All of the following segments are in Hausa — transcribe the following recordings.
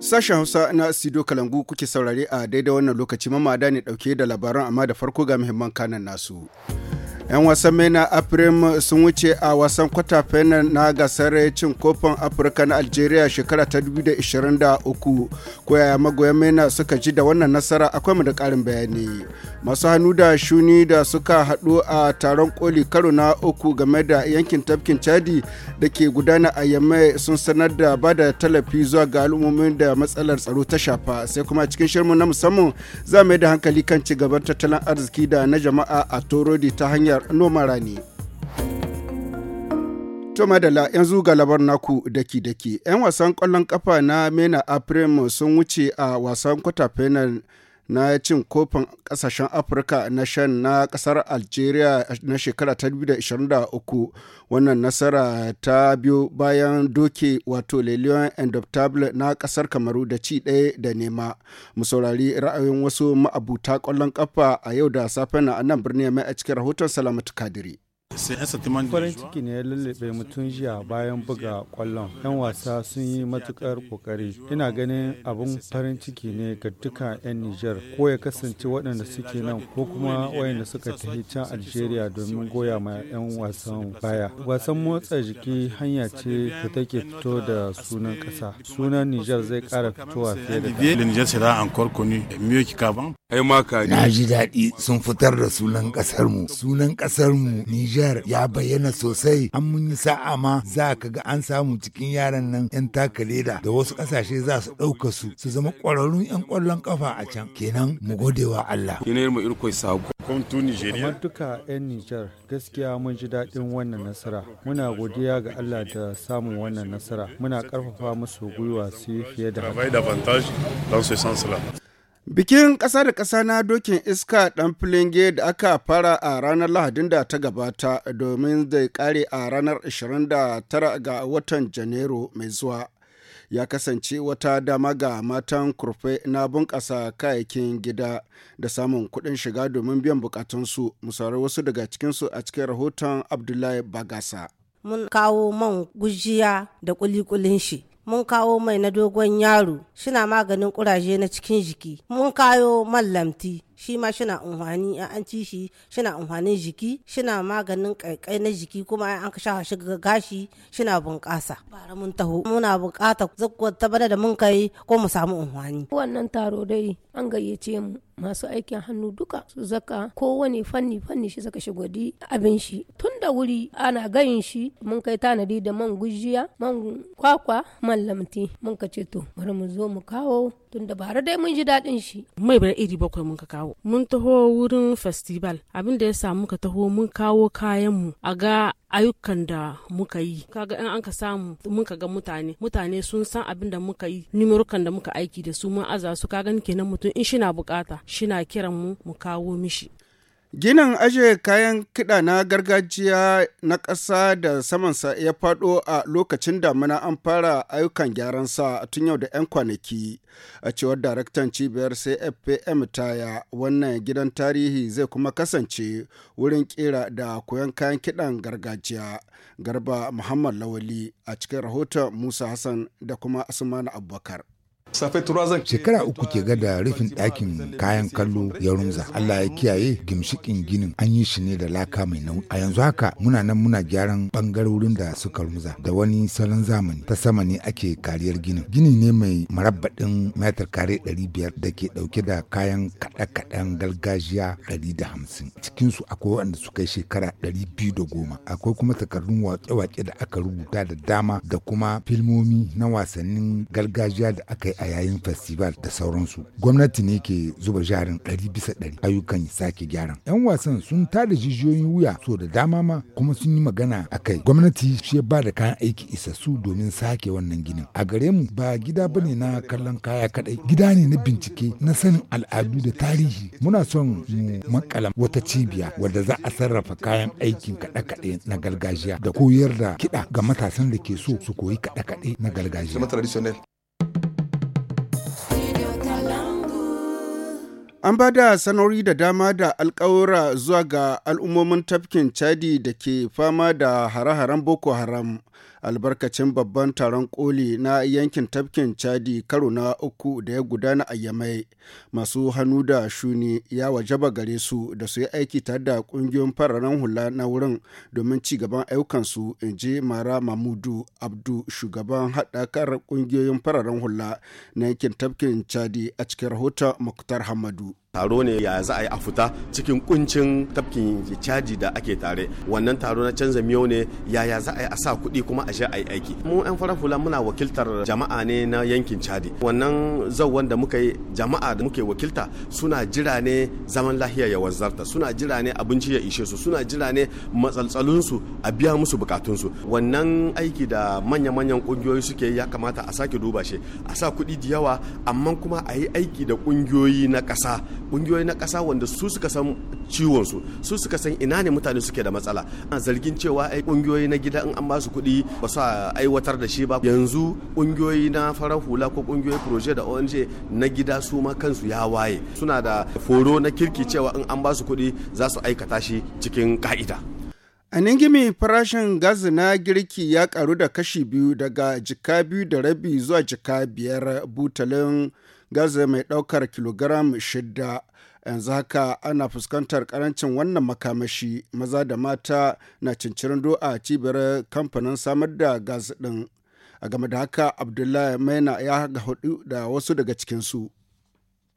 Sashen Hausa na Sido Kalangu kuke saurare a daidai wannan lokaci mamada ne dauke da labaran amma da farko ga muhimman kanan nasu. 'yan wasan mena afrim sun wuce a wasan kwata final na gasar cin kofin afirka na algeria shekara ta 2023 koyaya magoyan mena suka ji da wannan nasara akwai mu da karin bayani masu hannu da shuni da suka hadu a taron koli karo na uku game da yankin tafkin chadi da ke gudana a yamma sun sanar da ba da tallafi zuwa ga al'ummomin da matsalar tsaro ta shafa sai kuma cikin shirmu na musamman za mu da hankali kan ci gaban tattalin arziki da na jama'a a torodi ta hanyar duniyar noma rani. To madala yanzu ga labar naku daki-daki. 'Yan wasan ƙwallon ƙafa na Mena Aprim sun wuce a wasan kwata na cin kofin kasashen afirka na shan na kasar algeria na shekara ta 2023 wannan nasara ta biyo bayan doke wato lelion endoptable na kasar kamaru da ci ɗaya da nema mu saurari ra'ayin wasu ma'abuta ƙwallon kafa a yau da safe na nan birni mai a cikin rahoton salamatu kadiri Farin ciki ne ya lullube mutum jiya bayan buga kwallon. 'Yan wasa sun yi matukar kokari. Ina ganin abun farin ciki ne ga duka 'yan Nijar ko ya kasance waɗanda suke nan ko kuma waɗanda suka tafi can Algeria domin goya ma 'yan wasan baya. Wasan motsa jiki hanya ce da take fito da sunan ƙasa. Sunan Nijar zai ƙara fitowa fiye da Na ji daɗi sun fitar da sunan ƙasarmu. Sunan ƙasarmu Nijar Nijar ya bayyana sosai an mun yi sa'a ma za ka ga an samu cikin yaran nan 'yan taka leda da wasu kasashe za su ɗauka su su zama ƙwararrun 'yan ƙwallon ƙafa a can kenan mu gode wa Allah. Kamar duka 'yan Nijar gaskiya mun ji daɗin wannan nasara. Muna godiya ga Allah da samun wannan nasara. Muna ƙarfafa musu gwiwa su yi fiye da haka. Bikin ƙasa da ƙasa na dokin iska ɗan filinge da aka fara a ranar Lahadin da ta gabata domin zai ƙare a ranar 29 ga watan Janairu mai zuwa. Ya kasance wata dama ga matan kurfe na bunƙasa kayayyakin gida da samun kuɗin shiga domin biyan buƙatunsu, musarar wasu daga cikinsu a cikin rahoton Abdullahi Bagasa. Mun kawo man gujiya da ƙulikulin shi. mun kawo mai na dogon yaro shina maganin kuraje na cikin jiki mun kayo lamti. shi ma shina unhwani an ci shi shina unhwanin jiki shina maganin kaikai na jiki kuma an ka shafa ga gashi shina bunƙasa bara mun taho muna bukatar zakwata bada da mun kai ko mu samu unhwani wannan taro dai an gayyace mu masu aikin hannu duka su zaka kowane fanni fanni shi zaka shigwadi abin shi tun da wuri ana gayin shi mun kai tanadi da man gujiya man kwakwa man lamti mun ka ce to bari mu zo mu kawo tun da bara dai mun ji daɗin shi mai bar iri bakwai mun ka kawo mun taho wurin festival abin da ya samu ka taho mun kawo kayan mu a ga ayyukan da muka yi kaga in an ka samu muka ga mutane mutane sun san abin da muka yi nimurukan da muka aiki da su mun aza su kaga kenan mutum in shina bukata shina kiran mu mu kawo mishi Ginin ajiye kayan kiɗa na gargajiya na ƙasa da samansa ya faɗo a lokacin damina an fara ayyukan gyaran sa tun yau da 'yan kwanaki. A cewar daraktan cibiyar CFPM taya wannan gidan tarihi zai kuma kasance wurin ƙira da koyon kayan kiɗan gargajiya. Garba Muhammad Lawali a cikin rahoton Musa Hassan da kuma Asmanu Abubakar. Shekara uku ke gada rufin ɗakin kayan kallo ya rumza. Allah ya kiyaye gimshikin ginin an yi shi ne da laka mai nauyi. A yanzu haka muna nan muna gyaran ɓangarorin da suka rumza da wani salon zamani ta sama ne ake kariyar ginin. Gini ne mai marabbaɗin metar kare ɗari biyar da ke ɗauke da kayan kaɗe-kaɗen gargajiya ɗari da hamsin. Cikinsu akwai waɗanda suka yi shekara ɗari biyu da goma. Akwai kuma takardun waƙe-waƙe da aka rubuta da dama da kuma filmomi na wasannin gargajiya da aka yi a yayin festival da sauransu gwamnati ne ke zuba jarin ɗari bisa ɗari ayyukan sake gyaran yan wasan sun tada jijiyoyin wuya so da dama ma kuma sun yi magana a kai gwamnati shi ba da kayan aiki isassu domin sake wannan ginin a gare mu ba gida ba ne na kallon kaya kaɗai. gida ne na bincike na sanin al'adu da tarihi muna son mu makala wata cibiya wadda za a sarrafa kayan aikin kaɗe-kaɗe na gargajiya da koyar da kiɗa ga matasan da ke so su koyi kaɗe-kaɗe na gargajiya An ba da sanarori da dama da alkawura zuwa ga al'ummomin tafkin Chadi da ke fama da hare-haren Boko Haram. albarkacin babban taron koli na yankin tafkin chadi karo na uku da ya gudana a yamai masu hannu da shuni ya wajaba gare su da su yi aiki tare da kungiyoyin fararen hula na wurin domin ci gaban ayyukansu in ji mara mamudu abdu shugaban haɗakar kungiyoyin fararen hula na yankin tafkin chadi a cikin rahoton muktar hamadu taro ne ya za a yi a fita cikin kuncin tafkin caji da ake tare wannan taro na canza miyau ne ya ya za a yi a sa kuɗi kuma a sha a yi aiki mu yan farar fula muna wakiltar jama'a ne na yankin cadi wannan zauwan da muka yi jama'a da muke wakilta suna jira ne zaman lahiya ya wanzarta suna jira ne abinci ya ishe su suna jira ne su a biya musu bukatun su wannan aiki da manya-manyan kungiyoyi suke ya kamata a sake duba shi a sa kuɗi da yawa amma kuma a yi aiki da kungiyoyi na ƙasa kungiyoyi na ƙasa wanda su suka san ciwon su su suka san ina ne mutane suke da matsala a zargin cewa ai kungiyoyi na gida in an basu kuɗi ba su aiwatar da shi ba yanzu kungiyoyi na farar hula ko kungiyoyi proje da ONG na gida su ma kansu ya waye suna da foro na kirki cewa in an basu kuɗi za su aikata shi cikin ka'ida A Ningimi farashin gas na girki ya karu da kashi biyu daga jika biyu da rabi zuwa jika biyar butalin gaza mai ɗaukar kilogram shida. yanzu haka ana fuskantar karancin wannan makamashi maza da mata na cincirin a cibiyar kamfanin samar da gas din a game da haka abdullahi maina ya haɗu da wasu daga cikinsu.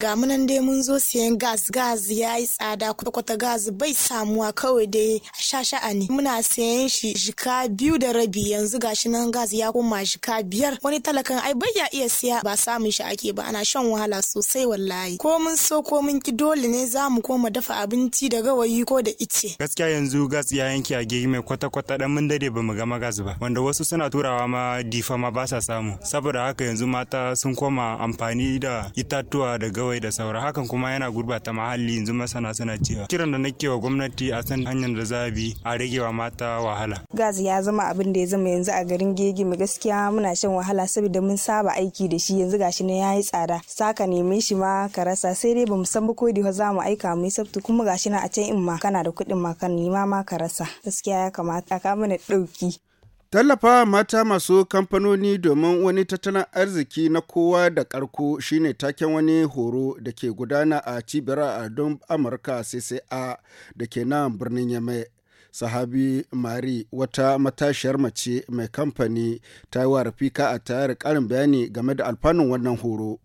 ga munan dai mun zo siyan gas gas ya yi tsada kwata-kwata gas bai samuwa kawai dai a sha sha'ani muna sayan shi shika biyu da rabi yanzu gashi nan gas ya koma shika biyar wani talakan ai bai ya iya siya ba samun shi ake ba ana shan wahala sosai wallahi ko mun so ko mun ki dole ne za mu koma dafa abinci da gawayi ko da ice gaskiya yanzu gas ya yanke a gegi mai kwata-kwata dan mun dade ba mu gama gas ba wanda wasu suna turawa ma difa ma ba sa samu saboda haka yanzu mata sun koma amfani da itatuwa da gawayi kawai da saura hakan kuma yana gurbata muhalli yanzu masana suna cewa kiran da nake wa gwamnati a san hanyar da za bi a wa mata wahala Gas ya zama abin da ya zama yanzu a garin gege mai gaskiya muna shan wahala saboda mun saba aiki da shi yanzu gashi ne yayi tsada saka neme shi ma ka rasa sai dai bamu san ba ko da za mu aika mu sabtu kuma gashi na a can in ma kana da kuɗin ma kan nima ma ka rasa gaskiya ya kamata ka mana ɗauki tallafa mata masu kamfanoni domin wani tattalin arziki na kowa da karko shine taken wani horo da ke gudana a cibiyar don Amurka CCA da ke nan birnin Yamai. Sahabi Mari wata matashiyar mace mai kamfani ta yi wa Rafika a tayar ƙarin bayani game da alfanun wannan horo.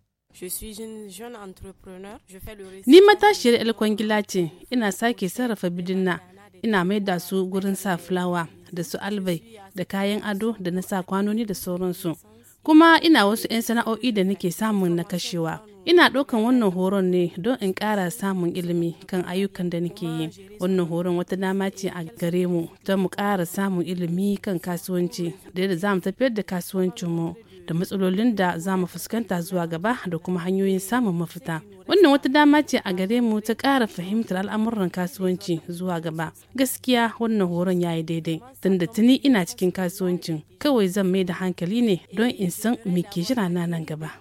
Ni matashiyar 'yar ce, ina sake sarrafa bidinna, ina mai da su gurin sa fulawa. da su albai da kayan ado da na sa kwanoni da sauransu kuma ina wasu 'yan sana'o'i da nake samun na kashewa ina ɗaukan wannan horon ne don in ƙara samun ilimi kan ayyukan da nake yi wannan horon wata dama ce a gare mu don mu ƙara samun ilimi kan kasuwanci da yadda za mu tafiyar da kasuwancinmu da matsalolin da za mu fuskanta zuwa gaba da kuma hanyoyin samun mafita wannan wata dama ce a gare mu ta ƙara fahimtar al'amuran kasuwanci zuwa gaba gaskiya wannan horon ya yi daidai tunda tuni ina cikin kasuwancin kawai zan mai da hankali ne don in san me ke jira na nan gaba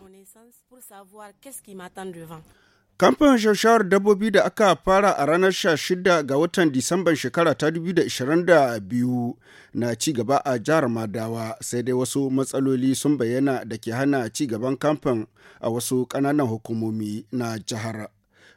Kamfanin shawarar dabbobi da aka fara a ranar 16 ga watan Disamban shekara ta 2022 na cigaba a jihar Madawa sai dai wasu matsaloli sun bayyana da ke hana ci gaban kamfan a wasu ƙananan hukumomi na jihar.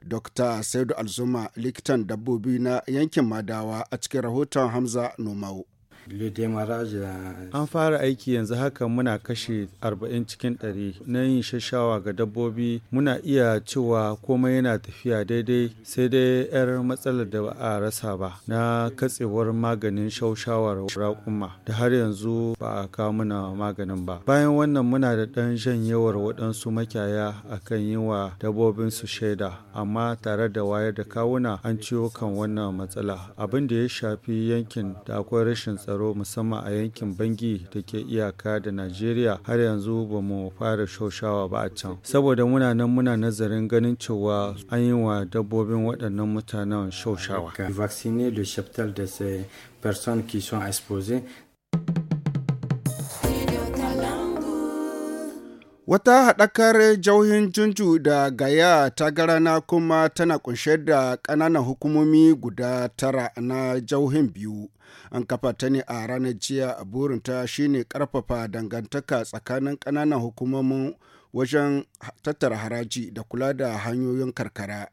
Dr. Saidu Alzuma likitan dabbobi na yankin Madawa a cikin rahoton Hamza Nomau. Euh, an fara aiki yanzu haka muna kashe 40 cikin 100 na yin shashawa ga dabbobi muna iya cewa komai yana tafiya daidai sai dai 'yar matsalar da ba a rasa ba na katsewar maganin shaushawar raƙuma da har yanzu ba a kawo muna maganin ba. Bayan wannan muna da ɗan janyewar waɗansu makiyaya akan yi wa su shaida amma tare da wayar da kawuna an ciwo kan wannan matsala abin da ya shafi yankin da akwai rashin tsaro tsaro musamman a yankin bangi da ke iyaka da najeriya har yanzu ba mu fara shaushawa ba a can saboda muna nan muna nazarin ganin cewa an yi wa dabbobin waɗannan mutanen shaushawa personnes qui sont exposées Wata haɗakar jauhin Junju da Gaya ta garana kuma tana kunshe da ƙananan hukumomi guda tara na jauhin biyu. An kafa ta ne a ranar jiya a burinta shine ƙarfafa dangantaka tsakanin ƙananan hukumomin wajen tattara haraji da kula da hanyoyin karkara.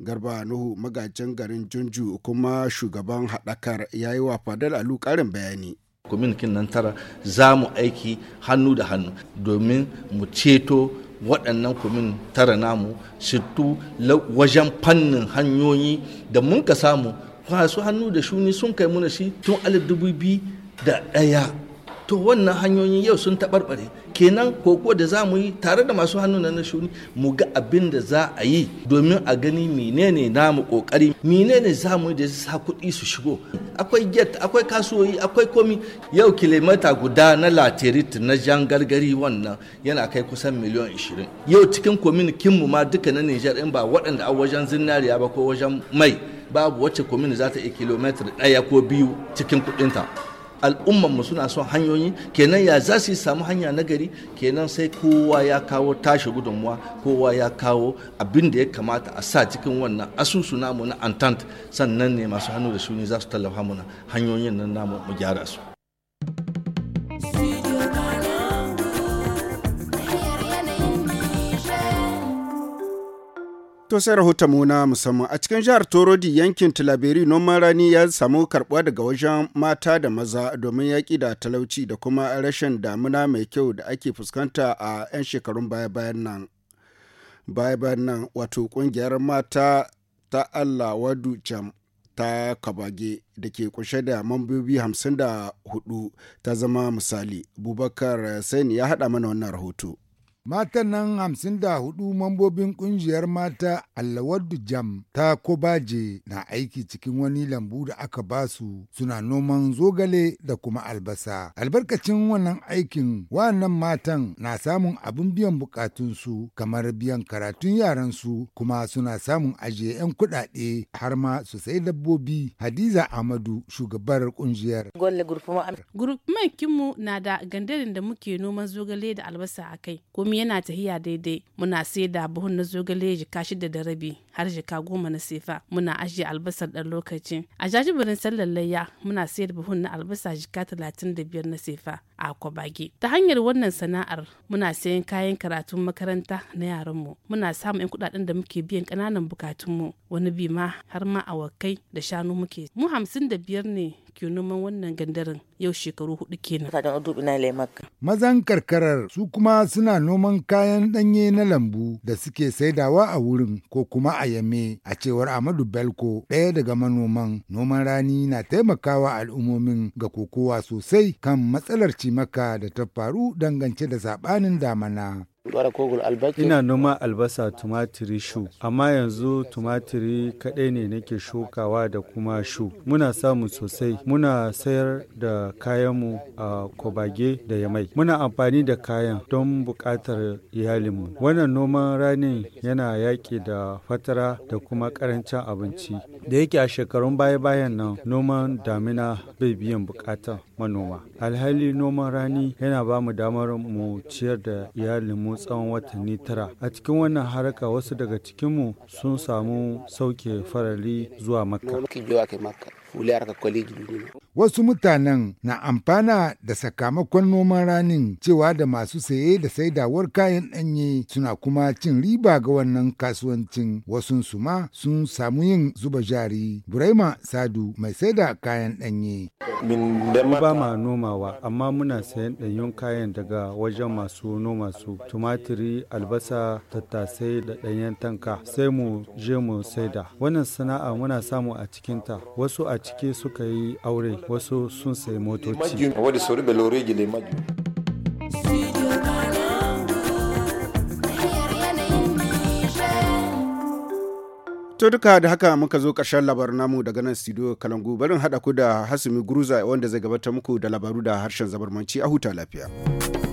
Garba Nuhu magajin garin Junju kuma shugaban haɗakar ya yi wa Fadal Alu ƙarin bayani. kwamitin nan tara za mu aiki hannu da hannu domin mu ceto waɗannan kumin tara namu sittu wajen fannin hanyoyi da mun ka samu kwasu hannu da shuni sun kai muna shi tun alif dubu biyu da ɗaya to wannan hanyoyin yau sun taɓarɓare kenan koko da za mu yi tare da masu hannu na shuni mu ga abin da za a yi domin a gani menene namu kokari menene za mu yi da sa kuɗi su shigo akwai get akwai kasuwoyi akwai komi yau kilomita guda na laterit na jan gargari wannan yana kai kusan miliyan 20 yau cikin kominikin mu ma duka na Nijar in ba waɗanda a wajen zinariya ba ko wajen mai babu wacce komini za ta iya kilomita ɗaya ko biyu cikin kuɗinta. al'umman mu suna son hanyoyi kenan ya za su samu hanya na gari kenan sai kowa ya kawo tashi gudunmuwa kowa ya kawo abin da ya kamata a sa cikin wannan asusu namu na antant sannan ne masu hannu da suni za su tallafa muna hanyoyin nan namu mu gyara su To sai rahoton mu na musamman a cikin jihar Torodi yankin Tilaberi noman rani ya samu karbuwa daga wajen mata da maza domin yaƙi da talauci da kuma rashin damuna mai kyau da ake fuskanta a 'yan shekarun baya-bayan nan. Baya-bayan nan wato ƙungiyar mata ta Allah Wadu Jam ta Kabage da ke kunshe da mambobi hudu ta zama misali. Bubakar Sani ya haɗa mana wannan rahoto. Matan nan hamsin da hudu mambobin kungiyar mata Allawaddu Jam ta Kobaje na aiki cikin wani lambu da aka ba su suna noman zogale da kuma albasa. Albarkacin wannan aikin wannan matan na samun abin biyan bukatunsu kamar biyan karatun yaransu kuma suna samun ajiye 'yan kudade har ma su sai dabbobi. Hadiza Ahmadu shugabar kungiyar. kinmu na da gandarin da muke noman zogale da albasa a kai. Komi yana tahiya daidai muna sai da buhun na zogale jika shida da rabi har jika goma na sefa muna ajiye albasar ɗan lokaci a jajibirin sallar layya muna sai da buhun na albasa jika talatin da biyar na sefa a kwabage ta hanyar wannan sana'ar muna sayan kayan karatun makaranta na mu muna samun 'yan kuɗaɗen da muke biyan ƙananan mu wani bi ma har ma awakai da shanu muke mu hamsin da biyar ne ke noman wannan gandarin yau shekaru hudu kenan. Mazan karkarar su kuma suna noman kayan ɗanye na lambu da suke saidawa a wurin ko kuma a yame a cewar Amadu Belko ɗaya daga manoman noman rani na taimakawa al'ummomin ga kokowa sosai kan matsalar cimaka da ta faru dangance da saɓanin damana. Ina noma albasa tumatiri shu, amma yanzu tumatiri kaɗai ne nake shukawa da kuma shu. Muna samu sosai, muna sayar da kayanmu a kobage da yamai. Muna amfani da kayan don buƙatar iyalinmu. Wannan noman ranin yana yaƙi da fatara da kuma ƙarancin abinci. Da yake a shekarun baya-bayan nan noman damina bai biyan buƙatar manoma. Alhali noman rani yana ba mu damar mu ciyar da iyalinmu tsawon watanni tara. A cikin wannan haraka wasu daga cikinmu sun samu sauke farali zuwa Makka. Wasu mutanen na amfana da sakamakon noman ranin cewa da masu saye da saidawar kayan ɗanye suna kuma cin riba ga wannan kasuwancin wasu su sun samu yin zuba jari. burema Sadu mai saida kayan ɗanye. Ba ma nomawa amma muna sayan ɗanyun kayan daga wajen masu noma su tumatiri, albasa, tattasai da ɗanyen tanka sai mu je mu saida. Wannan sana'a muna samu a cikinta wasu a cike suka yi aure wasu sun sayi motoci To duka da haka muka zo ƙarshen labar namu daga nan studio Kalangu barin haɗa ku da Hasumi Guruza wanda zai gabatar muku da labaru da harshen zabarmanci a huta lafiya.